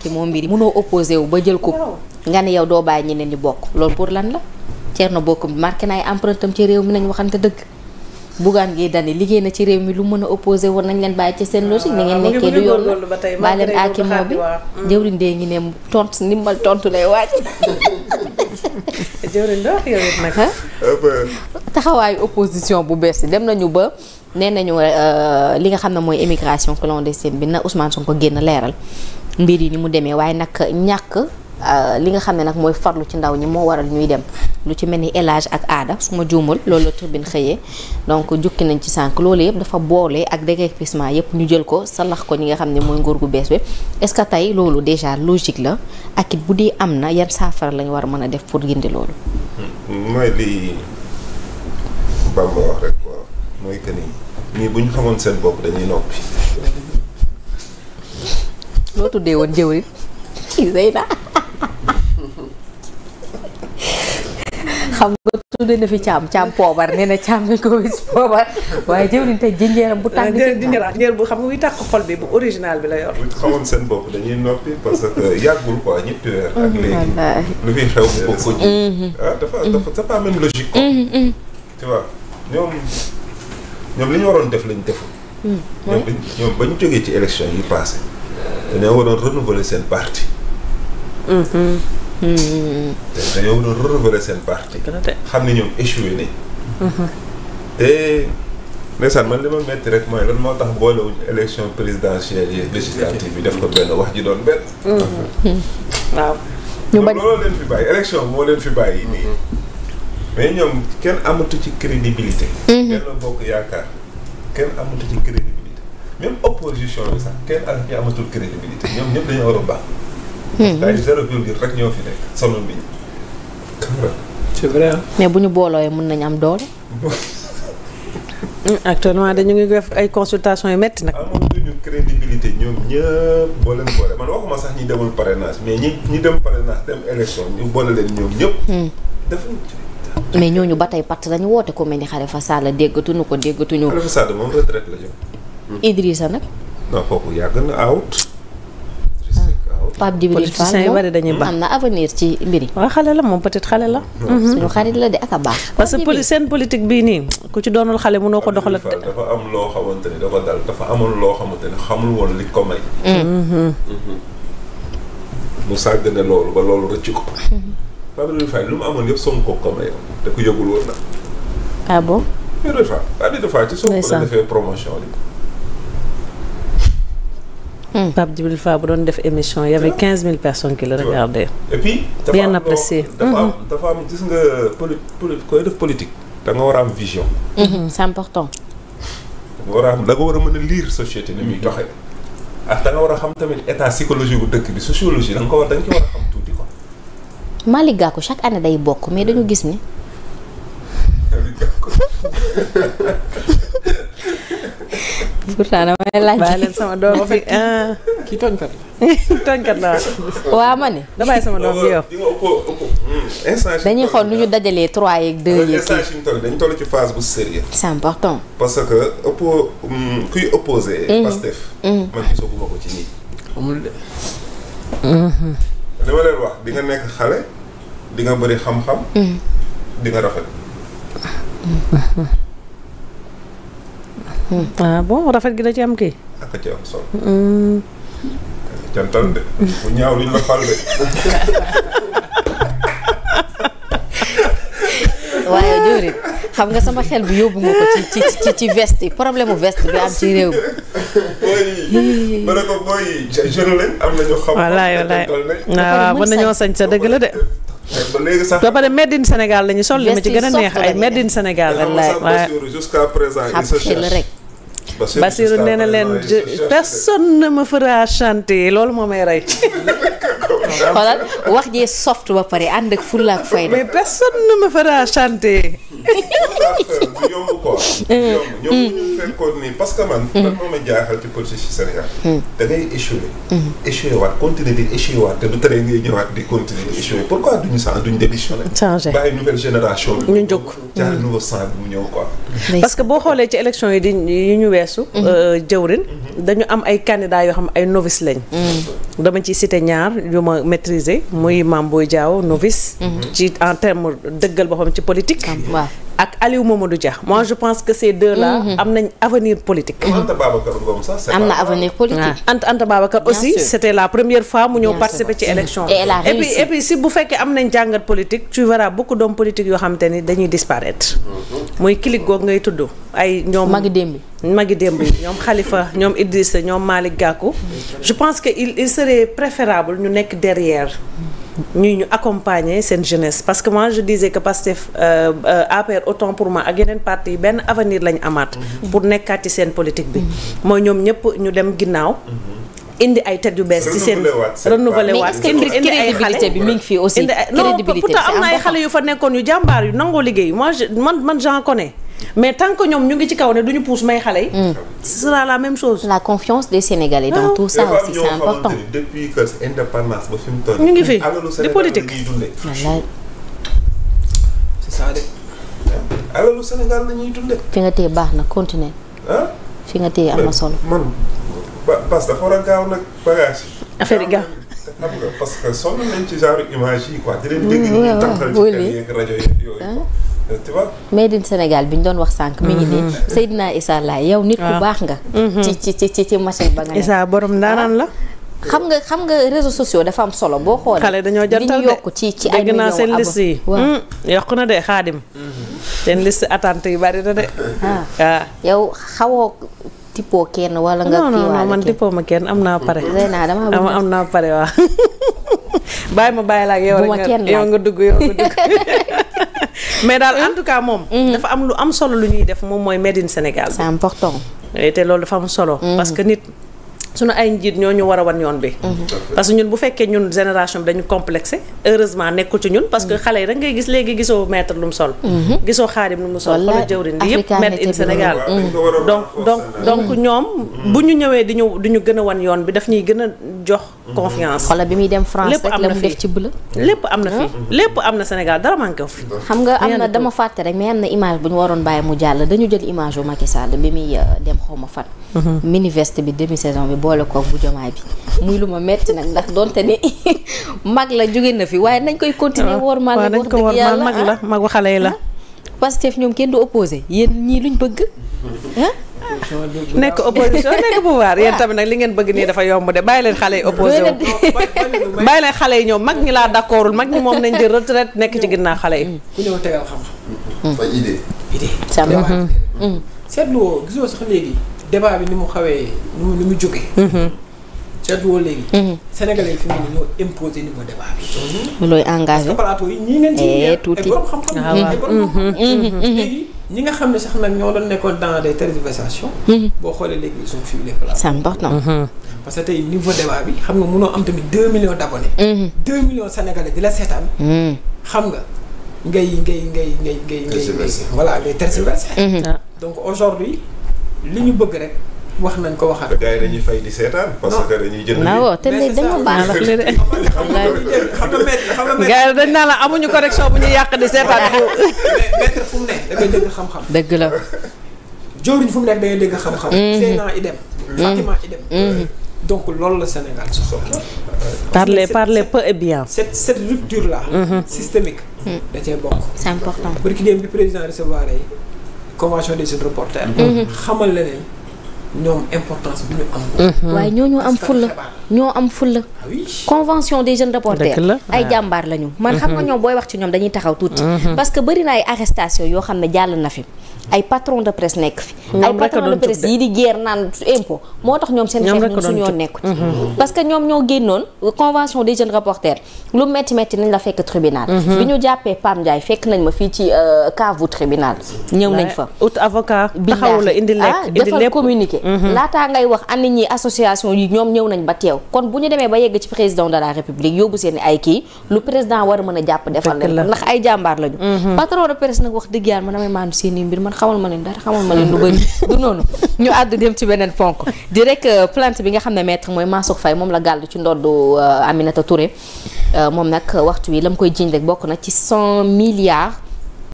ki moo mbiri munoo opposé wu ba jël ko nga ne yow doo bàyyi ñeneen ñi bokk loolu pour lan la Thierno Bocoum marqué na ay empreinte am ci réew mi nañu waxante dëgg Bougane gi Dany liggéey na ci réew mi lu mën a opposé woon nañ leen bàyyi ci seen logique ni ngeen nekkee du yoon baa leen aaki moo bi jëwriñ dee ngi ne tontu ndimbal tontu lay wàcc jëwriñ doo yow eh taxawaayu opposition bu bees yi dem nañu ba nee nañu euh, li nga xam ne mooy émigration clandestine bi na Ousmane ko génn leeral mbir yi ni mu demee waaye nag ñàkk euh, li nga xam ne nag mooy farlu ci ndaw ñi moo waral ñuy dem lu ci mel ni élage ak aada su ma juumal loolu la turbine xëyee donc jukki nañ ci sànq loolu yëpp dafa boole ak déguerpissement yëpp ñu jël ko salax ko ñi nga xam ne mooy nguur gu bees bi est-ce que tey loolu déjà logique la ak it bu dee am na yan saafara lañ war a mën a def pour gindi loolu. Hmm, mooy que ni ñii xamoon seen bopp dañuy noppi. loo tuddee woon jëwriñ Zeyna xam nga tuddee na fi caam caam poobar nee na caam lañ ko wis poobar waaye jëwriñ te jinjeeram bu tàng jinjeer bu xam nga muy tàq xol bi bu original bi la yor. bu xamoon seen bopp dañuy noppi parce que yàggul quoi ñetti weer. ak mm-hmm. léegi lu fi xew bu ko ji. ah ñoom li ñu waroon def lañu defu hmm, ñoom ba ñu jógee ci élection yi passé dañoo waroon renouveler seen parti. Hmm, hmm, dañoo waroon renouveler seen parti. xam ne ñoom échoué nañ. te ndeysaan man li ma metti rek mooy lan moo tax boolewuñ élection présidentielle yi législative bi def ko benn wax ji doon benn. waaw. ñu bañ looloo leen fi bàyyi élection moo leen fi bàyyi nii. mais ñoom kenn amatu ci crédibilité. Mhm. Benno Bokk Yaakaar kenn amatu ci crédibilité même opposition bi sax kenn ak crédibilité ñoom ñëpp dañoo war a baax. Mhm. daal zéro rek ñoo fi nekk bi c'est vrai mais bu ñu boolooyee mën nañu am doole. actuellement dañu ngi def ay consultations yu métti nag. amatuñu crédibilité ñoom ñëpp boole boole man waxuma sax ñi demul parrainage mais ñi ñi dem parrainage dem élection ñu boole leen ñoom ñëpp. Hmm. dafa mais ñooñu ba tey patt lañu woote ko mel ni Khalifa Sall déggatuñu ko déggatuñu. Khalifa Sall moom retraite la jëm. Idrissa nag. non kooku yàgg na out. Ah. Pape Djibril am na avenir ci mbir yi. waaw xale la moom peut xale la. Mhm. suñu xarit la de ak a baax. parce que seen politique bii nii ku ci doonul xale mënoo ko doxalat. dafa am loo xamante ni dafa dal dafa amoon loo xamante ni xamul woon li ko may. Mm. Mhm. Mhm. mu sàgg ne loolu ba loolu rëcc ko. Mm-hmm. Pape Abdoulaye Fall lu mu amoon yëpp Sonko ko may te ku yëgul woon na. ah bon. Hmm. bu def émission y quinze mille personnes qui le regardaient. et puis dafa am hmm. dafa am gis nga poli koy def politique. da war a am vision. Hmm, c'est important. da nga war a am da nga war a mën a lire société ni muy doxee. ah da war a xam tamit état psychologie bu dëkk bi sociologie da nga ko war da nga war a xam Malick Gakou chaque année day bokk mais dañu gis ni. pourtant damay laaj. bàyyi leen sama doom fi ah. kii tooñkat la. tooñkat la waaw ma ne. damay sama doom bi yow. Hmm. dañuy xool nu ñu dajalee trois yeeg deux yeeg. dañu toll ci phase bu sérieux. important. parce que oppo hmm, kuy opposé. Mhm. Pastef. Mhm. man gisoo ko ci nii. dama leen wax di nga nekk xale di nga xam-xam. Mm. di rafet. Mm. ah bon rafet gi da ci am kii. ak ci am mm. waaye Diourif xam nga sama xel bi yóbbu nga ko ci ci ci veste yi problème mu veste bi am ci réew booy yi. ma wallaay wallaay waaw mën nañoo sañ sa dëgg la de. Eh, ba léegi sax ba pare made Sénégal lañu sol li ma ci gën a neex ay made in Sénégal wallaay waaye jusqu'à présent rek. Bassirou nee leen personne ne me fera chanter loolu moo may rey. xoolal wax jee soft ba pare ànd ak fulla ak fayda. personne ne me fera chanter. yomb quoi. Eh yomb ñoom mm. parce que man. Mm. man moo ma jaaxal ci politique ci Sénégal. Mm. da ngay échoué. échoué waat continuer di échoué waat te que boo xoolee ci élection yi di yi ñu weesu. Mm-hmm. Euh, jëwrin mm-hmm. dañu am ay candidats yoo xam ay novice lañ. Mm-hmm. dama ci cité ñaar yu ma maîtriser muy Mame Boye Diao novice. ci en terme dëggal boppam ci politique. ak Aliou Mamadou Dia moi je pense que ces deux là. Mhm. am nañ avenir politique. Anta Babacar Ngom sax am na avenir politique. Ah. Anta Anta Babacar aussi c' était la première fois mu ñëw participer ci élection et elle a si bu fekkee am nañ jàngat politique tu verras beaucoup d'hommes politiques yoo xamante ni dañuy disparaître. Mhm. muy clique googu ngay tudd ay ñoom. magi démb magi démb ñoom xalifa ñoom sa ñoom Malick Gakou. je pense que il il serait préférable ñu nekk derrière. ñuy ñu accompagner seen jeunesse parce que moi je disais que Pastef euh, euh, APR autant pour ma ak yeneen parti benn avenir lañ amaat. pour nekkaat ci seen politique bi. mooy ñoom ñëpp ñu dem ginnaaw. Mhm. indi ay tête yu bees ci seen renouvelé waat indi ay xale bi mi ngi fi aussi. non pourtant am na xale yu fa nekkoon yu jàmbaar yu nangoo liggéey moi je man man ko ne mais tant que ñoom ñu ngi ci kaw ne duñu ñu pousse may xale yi. Mm. ce sera la même chose. la confiance des Sénégalais dans tout ça aussi c'est important. ñu ngi fi di politique c'est ça de alalu Sénégal la nga téye baax na continuer. fi nga téye am na solo. man parce que dafa war a gaaw nag bagage yi gaaw que sonn ci genre image yi quoi. mais vois. made Sénégal bi ñu doon wax sànq. mi ngi nii mhm. Seydina Issa Laye yow nit ku baax nga. Mhm. ci ci ci ci machine ba nga nekk. borom ndaanaan la. xam nga xam nga réseaux dafa am solo boo xoolee. xale dañoo jantal de yokk ci ci ay. dégg naa seen liste yi hmm, yokk na de xaadim. Mhm. seen liste attente yu bari na de. Ah. ah yow xawoo tippoo kenn wala nga. non non ma kenn am naa pare. dama am naa bàyyi ma bàyyi la ak nga dugg yow nga dugg. mais daal en tout cas moom. dafa am lu am solo lu ñuy def moom mooy made in Sénégal. c'est important. te loolu dafa am solo. parce que nit. sunu ay njiit ñoo ñu war a wan yoon bi. parce que ñun bu fekkee ñun génération bi dañu complexé heureusement nekkul ci ñun parce que xale yi rek ngay gis léegi gisoo maître lu mu sol. gisoo xaadim lu mu sol. wala jëwrin bi yëpp made in Sénégal. donc donc donc ñoom bu ñu ñëwee di ñu di ñu gën a wan yoon bi daf ñuy gën a jox. Mm-hmm. confiance. xoolal bi muy dem France lépp am na def ci bële. lépp am na fi lépp am na Sénégal dara manqué fi. xam nga am na dama fàtte rek mais am na image bu ñu waroon bàyyi mu jàll dañu jël image bu Macky Sall bi muy euh, dem xaw ma fan. mini mm-hmm. bi demi saison bi boole koog bu jomaay bi muy lu ma metti nag ndax donte ne mag la jóge na fi waaye nañ koy continuer. Ah, war ma la wax yàlla la ah. magu xale yi ah. Pastef ñoom kenn du opposé yéen ñii luñ bëgg. nekk opposition nekk pouvoir yéen tamit nag li ngeen bëgg nii dafa yomb de bàyyi leen xale yi opposé wu bàyyi leen xale yi ñoom mag ñi laa d'accordul mag ñi moom nañ jël retraite nekk ci ginnaaw xale yi mm. ku ñëw tegal xam-xam mm. fa idée idée sàmm mm. gisoo sax léegi débat bi ni mu xawee ni mu ni mu mm-hmm. léegi mm-hmm. mu looy engagé plateau yi ñii ngeen ñi nga xam ne sax nag ñoo doon nekkoon dans des tergiversations. Mhm. boo xoolee léegi ils ont fui les plats. c'est important. Mhm. parce que tey niveau débat bi xam nga mënoo am tamit 2 millions d'abonnés. 2 mhm. millions sénégalais di la seetaan. xam nga ngay ngay ngay ngay ngay. tergiverser voilà ngay tergiverser. Ah. donc aujourd'hui li ñu bëgg rek. wax nañ ko waxaat. gars yi dañuy fay di seetaan. parce que dañuy jënd. waaw te léegi dama baax la de. xam nga maître xam nga maître. gars yi dañ naa la amuñu correction bu ñuy yàq di seetaan. mais maître fu ne da ngay dégg xam-xam. dëgg la. jëwriñ fu mu ne da ngay dégg xam-xam. Mhm. Seyna idem. Mhm. Mhm. donc loolu la Sénégal soxla. parler parler peu et bien. cette cette rupture là. systémique. da cee bokk. c'est important. barki démb bi président recevoir ay des jeunes reporters. xamal leneen. ñoom importance bu ñu am. Mhm. waaye ñoo ñoo am fulla ñoo am fulla convention des jeunes reporters ay jàmbaar lañu. man xam nga mhm. ñoom booy wax ci ñoom dañuy taxaw tuuti. Mhm. parce que bari na ay arrestation yoo xam ne jàll na fi. ay patron de presse nekk fi. ay patron de presse yi di geer naan impôt moo tax ñoom seen xeex ñun suñoo nekku ci parce que ñoom ñoo génnoon convention des jeunes reporters lu metti metti nañ la fekk tribunal. bi ñu jàppee Pam Ndiaye fekk nañ ma fii ci euh, cave tribunal. Mm-hmm. laataa ngay wax an nit ñi association yi ñoom ñëw nañ ba teew kon bu ñu demee ba yegg ci président de la république yóbbu seen i ay kii lu président war a mën a jàpp defal leen ndax ay jàmbaar lañu mm-hmm. patron de presse nag wax dëgg yàlla man man xamal ma leen dara xamal ma leen lu bëri du noonu ñu àddu dem ci beneen ponk di rek euh, bi nga xam ne maître mooy Mansour Faye moom la gall ci ndoddu euh, Aminata Touré euh, moom nag waxtu wi la mu koy jiñ rek bokk na ci cent milliards